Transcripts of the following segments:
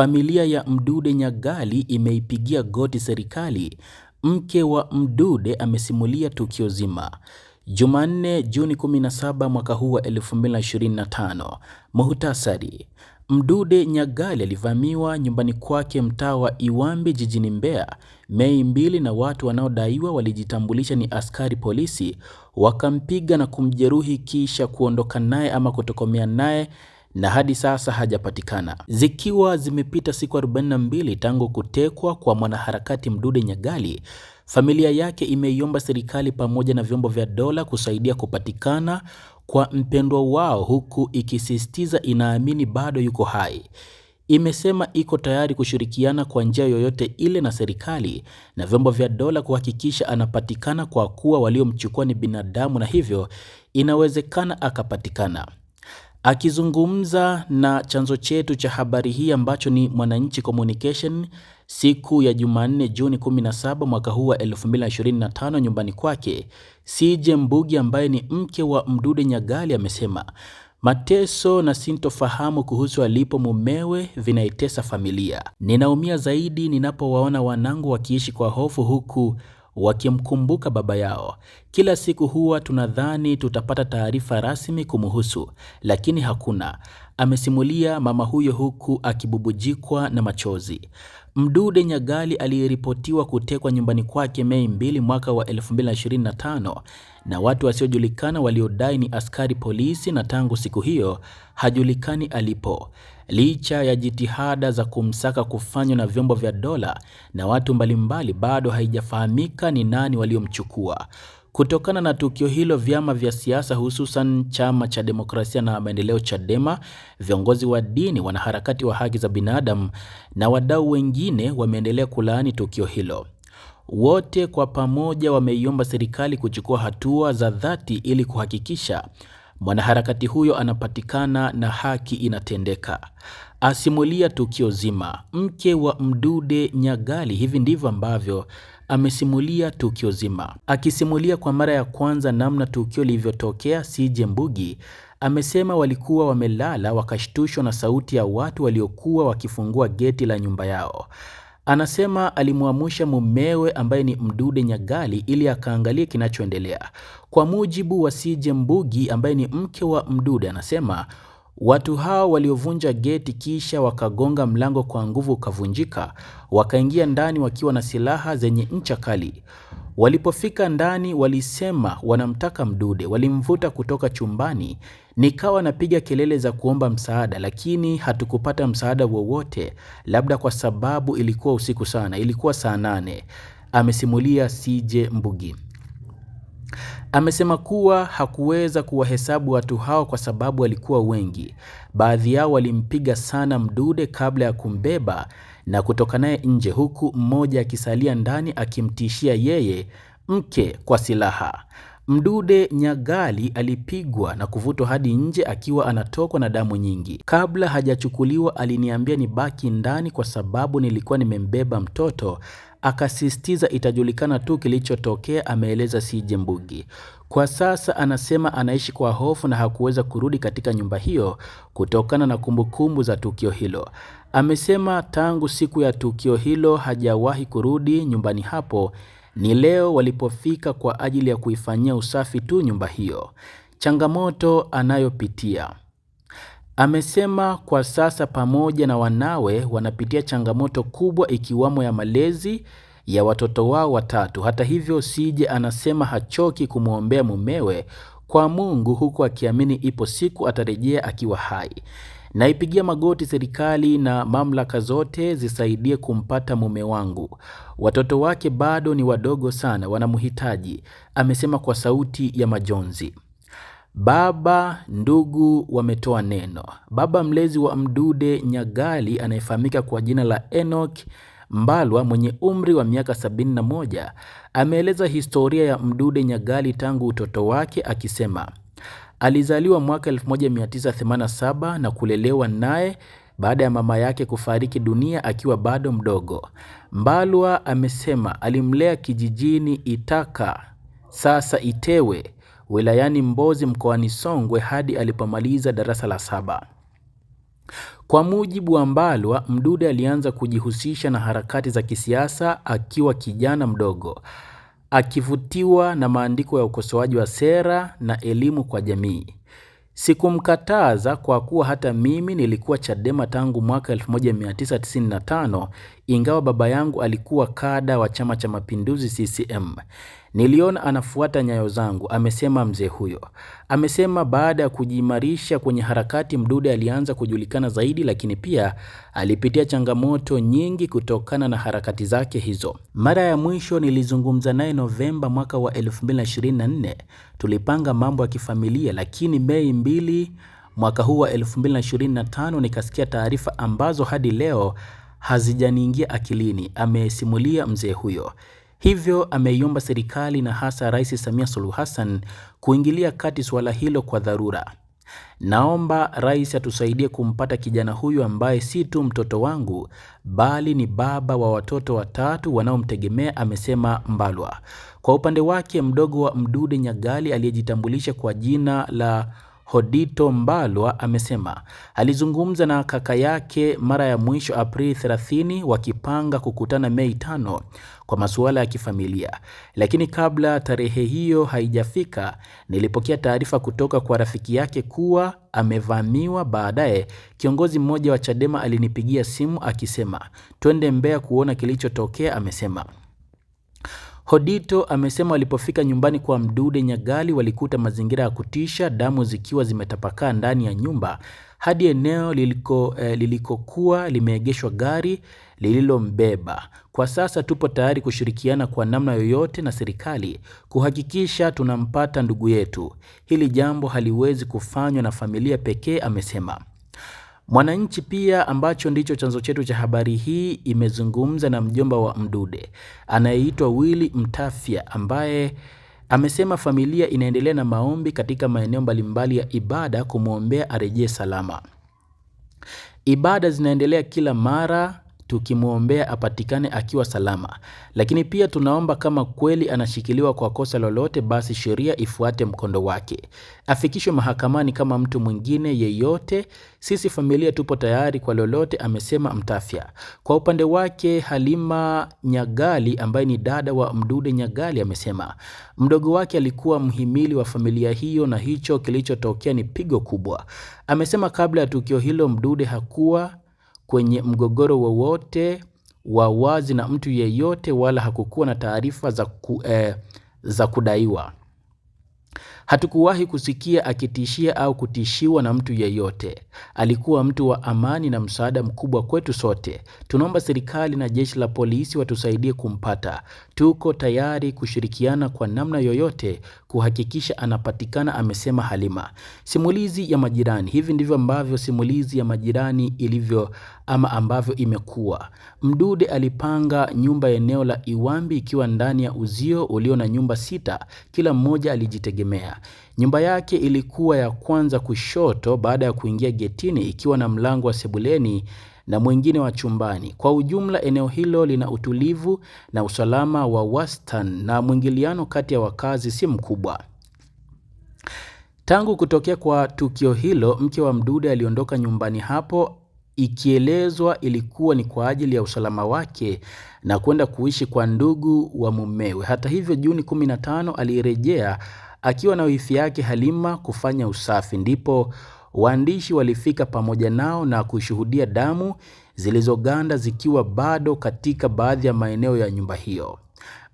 Familia ya Mdude Nyagali imeipigia goti serikali. Mke wa Mdude amesimulia tukio zima. Jumanne, Juni 17 mwaka huu wa 2025. Muhtasari. Mdude Nyagali alivamiwa nyumbani kwake mtaa wa Iwambi jijini Mbeya Mei mbili na watu wanaodaiwa walijitambulisha ni askari polisi wakampiga na kumjeruhi kisha kuondoka naye ama kutokomea naye na hadi sasa hajapatikana. Zikiwa zimepita siku 42 tangu kutekwa kwa mwanaharakati Mdude Nyagali, familia yake imeiomba serikali pamoja na vyombo vya dola kusaidia kupatikana kwa mpendwa wao, huku ikisisitiza inaamini bado yuko hai. Imesema iko tayari kushirikiana kwa njia yoyote ile na serikali na vyombo vya dola kuhakikisha anapatikana, kwa kuwa waliomchukua ni binadamu na hivyo inawezekana akapatikana. Akizungumza na chanzo chetu cha habari hii ambacho ni Mwananchi Communication siku ya Jumanne Juni 17 mwaka huu wa 2025 nyumbani kwake, CJ Mbugi ambaye ni mke wa Mdude Nyagali amesema mateso na sintofahamu kuhusu alipo mumewe vinaitesa familia. Ninaumia zaidi ninapowaona wanangu wakiishi kwa hofu huku wakimkumbuka baba yao. Kila siku huwa tunadhani tutapata taarifa rasmi kumuhusu lakini hakuna amesimulia mama huyo huku akibubujikwa na machozi. Mdude Nyagali aliyeripotiwa kutekwa nyumbani kwake Mei 2 mwaka wa 2025 na watu wasiojulikana waliodai ni askari polisi na tangu siku hiyo hajulikani alipo. Licha ya jitihada za kumsaka kufanywa na vyombo vya dola na watu mbalimbali, bado haijafahamika ni nani waliomchukua. Kutokana na tukio hilo, vyama vya siasa hususan chama cha demokrasia na maendeleo Chadema, viongozi wa dini, wanaharakati wa haki za binadamu na wadau wengine wameendelea kulaani tukio hilo. Wote kwa pamoja wameiomba serikali kuchukua hatua za dhati ili kuhakikisha mwanaharakati huyo anapatikana na haki inatendeka asimulia tukio zima. Mke wa Mdude Nyagali, hivi ndivyo ambavyo amesimulia tukio zima. Akisimulia kwa mara ya kwanza namna tukio lilivyotokea, CJ Mbugi amesema walikuwa wamelala wakashtushwa na sauti ya watu waliokuwa wakifungua geti la nyumba yao. Anasema alimwamusha mumewe ambaye ni Mdude Nyagali ili akaangalie kinachoendelea. Kwa mujibu wa CJ Mbugi ambaye ni mke wa Mdude, anasema Watu hao waliovunja geti kisha wakagonga mlango kwa nguvu ukavunjika, wakaingia ndani wakiwa na silaha zenye ncha kali. Walipofika ndani walisema wanamtaka Mdude. Walimvuta kutoka chumbani. Nikawa napiga kelele za kuomba msaada, lakini hatukupata msaada wowote, labda kwa sababu ilikuwa usiku sana. Ilikuwa saa nane, amesimulia CJ Mbugi. Amesema kuwa hakuweza kuwahesabu watu hao kwa sababu walikuwa wengi. Baadhi yao walimpiga sana Mdude kabla ya kumbeba na kutoka naye nje, huku mmoja akisalia ndani akimtishia yeye mke kwa silaha. Mdude Nyagali alipigwa na kuvutwa hadi nje akiwa anatokwa na damu nyingi. Kabla hajachukuliwa, aliniambia nibaki ndani kwa sababu nilikuwa nimembeba mtoto akasisitiza itajulikana tu kilichotokea, ameeleza CJ Mbugi. Kwa sasa anasema anaishi kwa hofu na hakuweza kurudi katika nyumba hiyo kutokana na kumbukumbu za tukio hilo. Amesema tangu siku ya tukio hilo hajawahi kurudi nyumbani hapo, ni leo walipofika kwa ajili ya kuifanyia usafi tu nyumba hiyo. Changamoto anayopitia Amesema kwa sasa pamoja na wanawe wanapitia changamoto kubwa ikiwamo ya malezi ya watoto wao watatu. Hata hivyo, Sije anasema hachoki kumwombea mumewe kwa Mungu huku akiamini ipo siku atarejea akiwa hai. Naipigia magoti serikali na mamlaka zote zisaidie kumpata mume wangu. Watoto wake bado ni wadogo sana, wanamhitaji, amesema kwa sauti ya majonzi. Baba ndugu wametoa neno. Baba mlezi wa Mdude Nyagali anayefahamika kwa jina la Enoch Mbalwa mwenye umri wa miaka 71 ameeleza historia ya Mdude Nyagali tangu utoto wake akisema, alizaliwa mwaka 1987 na kulelewa naye baada ya mama yake kufariki dunia akiwa bado mdogo. Mbalwa amesema alimlea kijijini Itaka, sasa Itewe wilayani Mbozi mkoani Songwe hadi alipomaliza darasa la saba. Kwa mujibu wa Mbalwa, Mdude alianza kujihusisha na harakati za kisiasa akiwa kijana mdogo, akivutiwa na maandiko ya ukosoaji wa sera na elimu kwa jamii. Sikumkataza kwa kuwa hata mimi nilikuwa Chadema tangu mwaka 1995 ingawa baba yangu alikuwa kada wa Chama cha Mapinduzi CCM. Niliona anafuata nyayo zangu, amesema mzee huyo. Amesema baada ya kujiimarisha kwenye harakati, Mdude alianza kujulikana zaidi, lakini pia alipitia changamoto nyingi kutokana na harakati zake hizo. Mara ya mwisho nilizungumza naye Novemba mwaka wa 2024. Tulipanga mambo ya kifamilia, lakini Mei mbili mwaka huu wa 2025 nikasikia taarifa ambazo hadi leo hazijaniingia akilini, amesimulia mzee huyo. Hivyo ameiomba serikali na hasa Rais Samia Suluhu Hassan kuingilia kati suala hilo kwa dharura. Naomba rais atusaidie kumpata kijana huyu ambaye si tu mtoto wangu bali ni baba wa watoto watatu wanaomtegemea, amesema Mbalwa. Kwa upande wake, mdogo wa Mdude Nyagali aliyejitambulisha kwa jina la Hodito Mbalwa amesema alizungumza na kaka yake mara ya mwisho Aprili 30 wakipanga kukutana Mei 5 kwa masuala ya kifamilia, lakini kabla tarehe hiyo haijafika, nilipokea taarifa kutoka kwa rafiki yake kuwa amevamiwa. Baadaye kiongozi mmoja wa Chadema alinipigia simu akisema twende Mbeya kuona kilichotokea, amesema. Hodito amesema walipofika nyumbani kwa Mdude Nyagali walikuta mazingira ya kutisha, damu zikiwa zimetapakaa ndani ya nyumba hadi eneo liliko, eh, lilikokuwa limeegeshwa gari lililombeba. Kwa sasa tupo tayari kushirikiana kwa namna yoyote na serikali kuhakikisha tunampata ndugu yetu. Hili jambo haliwezi kufanywa na familia pekee, amesema. Mwananchi pia ambacho ndicho chanzo chetu cha habari hii imezungumza na mjomba wa Mdude anayeitwa Willy Mtafya ambaye amesema familia inaendelea na maombi katika maeneo mbalimbali ya ibada kumwombea arejee salama. Ibada zinaendelea kila mara tukimwombea apatikane akiwa salama, lakini pia tunaomba kama kweli anashikiliwa kwa kosa lolote, basi sheria ifuate mkondo wake, afikishwe mahakamani kama mtu mwingine yeyote. Sisi familia tupo tayari kwa lolote, amesema Mtafya. Kwa upande wake, Halima Nyagali ambaye ni dada wa Mdude Nyagali amesema mdogo wake alikuwa mhimili wa familia hiyo na hicho kilichotokea ni pigo kubwa. Amesema kabla ya tukio hilo Mdude hakuwa kwenye mgogoro wowote wa wazi na mtu yeyote wala hakukuwa na taarifa za, ku, eh, za kudaiwa. Hatukuwahi kusikia akitishia au kutishiwa na mtu yeyote. Alikuwa mtu wa amani na msaada mkubwa kwetu sote. Tunaomba serikali na jeshi la polisi watusaidie kumpata. Tuko tayari kushirikiana kwa namna yoyote kuhakikisha anapatikana, amesema Halima. Simulizi ya Majirani. Hivi ndivyo ambavyo simulizi ya Majirani ilivyo ama ambavyo imekuwa. Mdude alipanga nyumba eneo la Iwambi ikiwa ndani ya uzio ulio na nyumba sita, kila mmoja alijitegemea. Nyumba yake ilikuwa ya kwanza kushoto baada ya kuingia getini, ikiwa na mlango wa sebuleni na mwingine wa chumbani. Kwa ujumla, eneo hilo lina utulivu na usalama wa wastani na mwingiliano kati ya wakazi si mkubwa. Tangu kutokea kwa tukio hilo, mke wa Mdude aliondoka nyumbani hapo ikielezwa ilikuwa ni kwa ajili ya usalama wake na kwenda kuishi kwa ndugu wa mumewe. Hata hivyo, Juni 15 alirejea akiwa na wifi yake Halima kufanya usafi ndipo Waandishi walifika pamoja nao na kushuhudia damu zilizoganda zikiwa bado katika baadhi ya maeneo ya nyumba hiyo.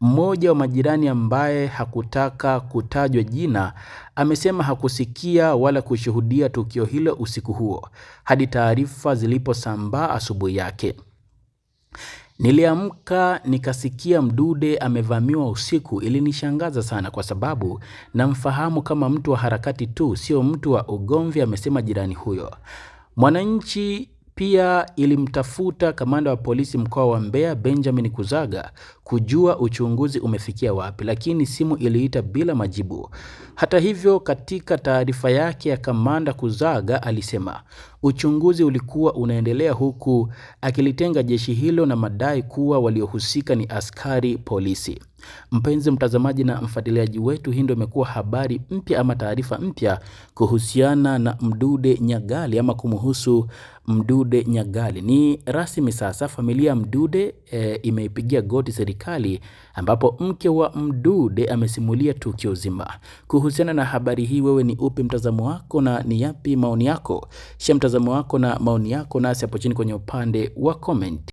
Mmoja wa majirani ambaye hakutaka kutajwa jina amesema hakusikia wala kushuhudia tukio hilo usiku huo hadi taarifa ziliposambaa asubuhi yake. Niliamka nikasikia Mdude amevamiwa usiku. Ilinishangaza sana kwa sababu namfahamu kama mtu wa harakati tu, sio mtu wa ugomvi, amesema jirani huyo. Mwananchi pia ilimtafuta kamanda wa polisi mkoa wa Mbeya Benjamin Kuzaga kujua uchunguzi umefikia wapi, lakini simu iliita bila majibu. Hata hivyo, katika taarifa yake ya kamanda Kuzaga alisema uchunguzi ulikuwa unaendelea, huku akilitenga jeshi hilo na madai kuwa waliohusika ni askari polisi. Mpenzi mtazamaji na mfuatiliaji wetu, hii ndio imekuwa habari mpya ama taarifa mpya kuhusiana na Mdude Nyagali ama kumhusu Mdude Nyagali. Ni rasmi sasa, familia Mdude e, imeipigia goti serikali serikali ambapo mke wa Mdude amesimulia tukio zima. Kuhusiana na habari hii, wewe ni upi mtazamo wako na ni yapi maoni yako? Shia mtazamo wako na maoni yako nasi hapo chini kwenye upande wa comment.